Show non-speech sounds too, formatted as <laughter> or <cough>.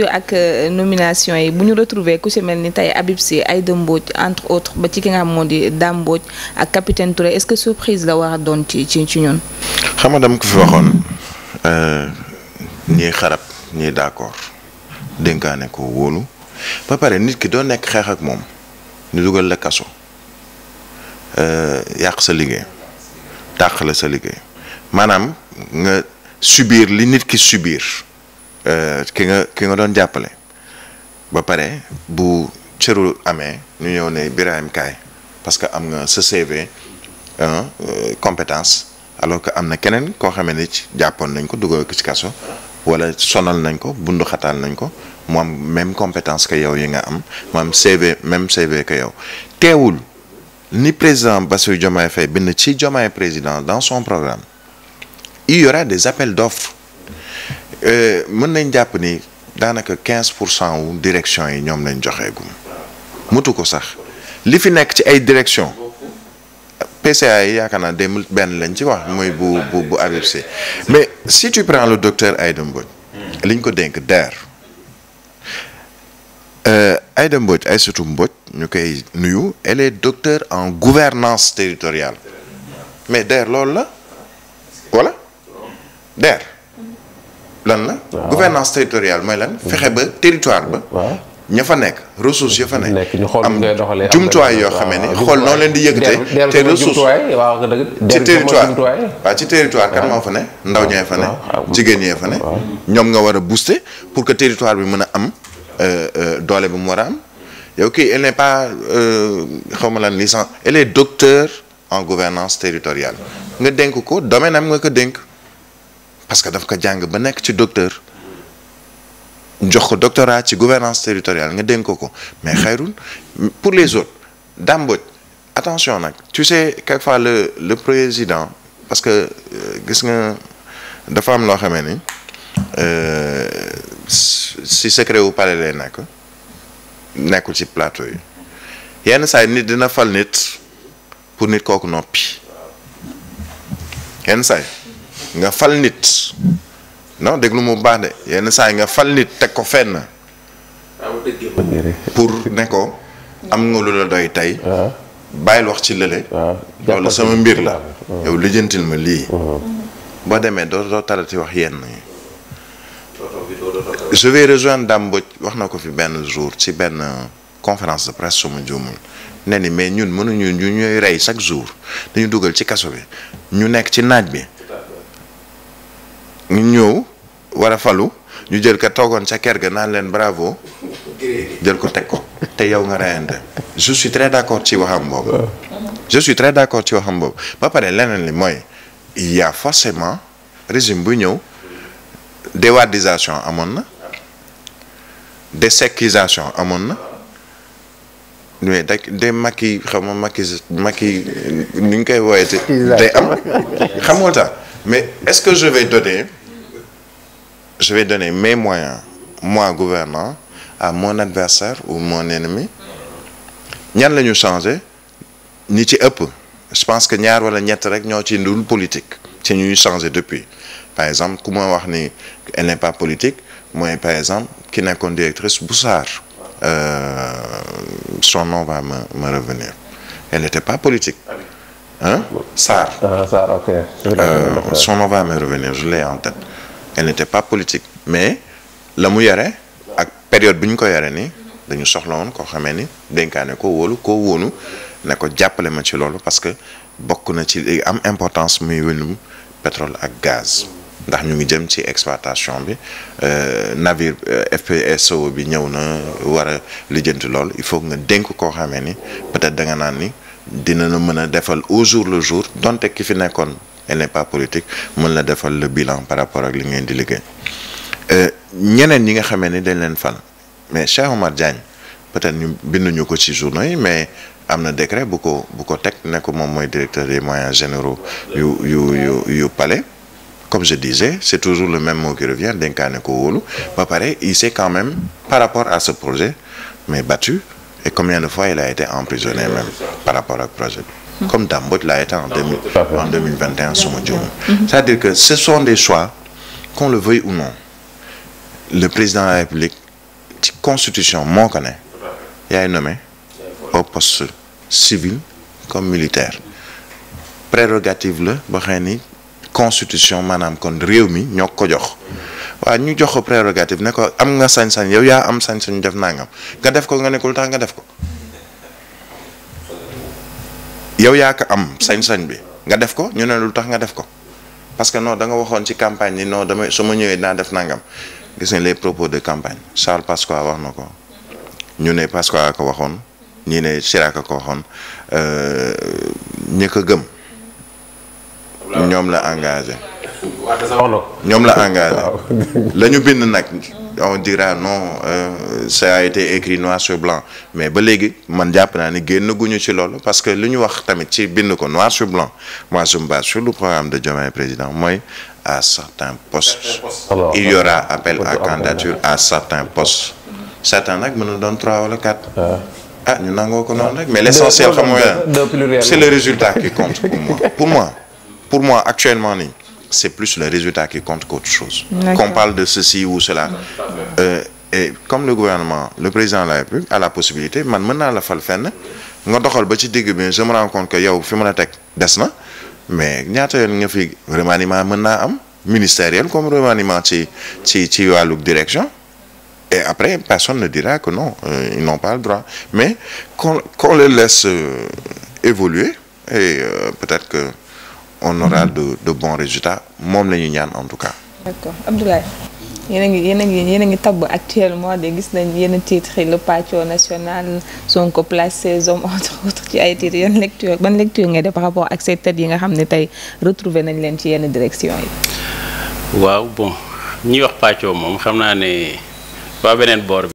ak euh, nomination yi bu ñu retrouver ku ci mel ni tey Habib Sy Aïda Mbodj entre autres ba ci ki nga xam moo di Dame Mbodj ak capitaine Touré est-ce que surprise la war a doon ci ci ci ñun. xam nga dama ko fi waxoon euh, ñiy xarab ñiy d'accord dénkaane ko wóolu ba pare nit ki doo nekk xeex ak moom ñu dugal la kaso euh, yàq sa liggéey dàq la sa liggéey maanaam nga subir li nit ki subiir Euh, ki nga ki nga doon jàppale ba pare bu cëru amee ñu ñëw ne Birahim kaay parce que am nga sa CV euh, compétence alors que am na keneen koo xamee ne ci jàppoon nañ ko dugal ko ci kaso wala sonal nañ ko bundu nañ ko moom am même compétence que yow yi nga am mu am CV même CV que yow teewul ni président Bassirou Diomaye Faye bind ci Diomaye président dans son programme il y aura des appels d'offres Euh, mën nañ jàpp ni daanaka quinze pour cent wu direction yi ñoom lañ joxee gum mutu ko sax li fi nekk ci ay direction PCA yi yaakaar naa démb benn lañ ci wax mooy bu bu bu Habib mais si tu prends le docteur Aïda Mbodj liñ ko dénk DER euh, Aïda ay Aïssatou Mbodj ñu koy nuyu elle est docteur en gouvernance territoriale mais DER loolu la wala DER lan la. gouvernance territoriale mooy lan. Mm-hmm. fexe ba territoire ba. ña fa nekk ressources ya fa nekk. ñu xool am jumtuwaay yoo xamee ne xool noonu leen di yëgatee. te ressource ci territoire waaw ci territoire kan moo fa ne. ndaw ñee fa ne. jigéen ñee fa ñoom nga war a booster pour que territoire bi mën a am euh, euh, doole bi mu war a am yow kii elle n'est pas euh, xaw ma lan licence elle est docteur en gouvernance territoriale nga dénk ko domaine am nga ko dénk. parce que daf ko jàng ba nekk ci docteur jox ko doctorat ci gouvernance territoriale nga dénk ko ko mais xayrul pour les autres Dame attention nag tu sais quelquefois le le président parce que euh, gis nga dafa am loo xamee ni euh, si secret wu palais lay nekk nekkul ci plateau yi yenn saa nit dina fal nit pour nit kooku noppi yenn saa nga fal nit non déglu mu baax de yenn saa nga fal nit teg ko fenn. pour ne ko am nga lu la doy tey. Ah. bàyyil wax ci lële. Ah. loolu sama mbir la. Ah. yow lijjantil ma lii. boo demee doo doo talati wax yenn yi. je vais rejoindre Dame wax na ko fi benn jour ci benn conférence de presse suma juumul ne ni mais ñun mënuñu ñu ñuy rey chaque jour dañu dugal ci kaso bi ñu nekk ci naaj bi. ñu ñëw war falu ñu jël ka toogoon ca kër ga naan leen bravo jël ko teg ko te yow nga reyante je suis très d'accord ci waxam boobu je suis très d'accord ci waxam boobu ba pare leneen li mooy il y a forcément régime bu ñëw déwadisation amoon na déséquisation amoon na mais da de makki xam nga makki makki ni ñu koy woowee te day am xam nga tax mais est-ce que je vais donner je vais donner mes moyens, moi gouvernant, à mon adversaire ou mon ennemi ñan la ñu changé ni ci ëpp je pense que ñaar wala ñett rek ñoo ci ndul politique ci ñuy changé depuis par exemple ku ma wax ni elle n'est pas politique mooy par exemple ki nekkoon directrice Boussard euh, son nom va me me revenir elle n'était pas politique hein ah, euh, son nom va me revenir je l'ai en tête elle n'était pas politique mais la mu yore ak période bi ñu ko yore ni dañu soxla woon koo xamee ni dénkaane ko wóolu koo wóolu ne ko jàppale ma ci loolu parce que bokk na ci am importance muy wënum pétrole ak gaz ndax ñu ngi jëm ci exploitation bi euh, navire euh, FPSO bi ñëw na war a lijjanti loolu il faut nga dénk koo xamee ni peut-être da nga naan ni dina la mën a defal au jour le jour donte ki fi nekkoon elle n'est pas politique mën la defal le bilan par rapport ak li ngeen di liggéey euh, ñeneen ñi nga xamee ni dañ leen fal mais Cheikh Omar Diagne peut-être ñu binduñu ko ci journaux yi mais am na décret bu ko bu ko teg ne ko moom mooy directeur des moyens généraux yu yu yu yu comme je disais c'est toujours le même mot qui revient dénkaane ko wóolu ba pare il s'est quand même par rapport à ce projet mais battu et combien de fois il a été emprisonné même par rapport ak projet bi comme Dambot l'a été en, 2000, en 2021 suma juum c'est-à-dire que ce sont des choix qu'on le ou non le président de la République ci constitution moo ko ne yaay nommé au poste civil comme militaire prérogative la ba xëy ni constitution maanaam kon réew mi ñoo ko jox waaw ñu jox ko prérogative ne ko am nga sañ-sañ yow yaa am sañ-sañu def nangam nga def ko nga nekkul tax nga def ko yow yaa ko am sañ-sañ bi nga def ko ñu ne lu tax nga def ko parce que non da nga waxoon ci campagne ni non dama su ma ñëwee dinaa def nangam gis nga les propos de campagne Charles Pasqua wax na ko ñu ne Pasqua ko waxoon ñii ne Chirac ko waxoon euh, ñi ko gëm ñoom la engagé ñoom la engagé <laughs> la bind nag on dira non euh, a été écrit noir sur blanc mais ba léegi man jàpp naa ni génn guñu ci loolu parce que lu ñu wax tamit ci bind ko noir sur blanc moi je me base sur le programme de Diomaye président mooy à certains postes il y aura appel à candidature à certains postes mhm. certains nag mën doon trois wala quatre ah. ah ñu nangoo ko noonu rek mais l'essentiel xam nga c'est le résultat qui compte pour pour moi pour moi actuellement nii c'est plus le résultat qui compte qu'autre chose. Qu'on parle de ceci ou cela. Euh, et comme le gouvernement le président de la République a la possibilité man mën naa la fal fenn nga doxal ba ci digg bi je me rends que yow fi mën a teg des na mais ñaata yoon nga fi remaniement mën naa am ministériel comme remaniement ci ci ci wàllu direction et après personne ne dira que non euh, ils n'ont pas le droit mais qu'on qu'on les laisse euh, évoluer et euh, peut-être que on aura de de bons résultats moom la ñu en tout cas. d'accord Abdoulaye. a ngi yéen ngi yéen actuellement de gis nañ yenn titres yi le pàccoo national Sonko place ses hommes <laughs> entre autres ci ay titres yan lecture ban lecture ngay def par rapport ak yi nga xam ne tey retrouvé nañ leen ci yenn direction yi. waaw bon ñi wax pàccoo moom xam naa ne waa beneen boor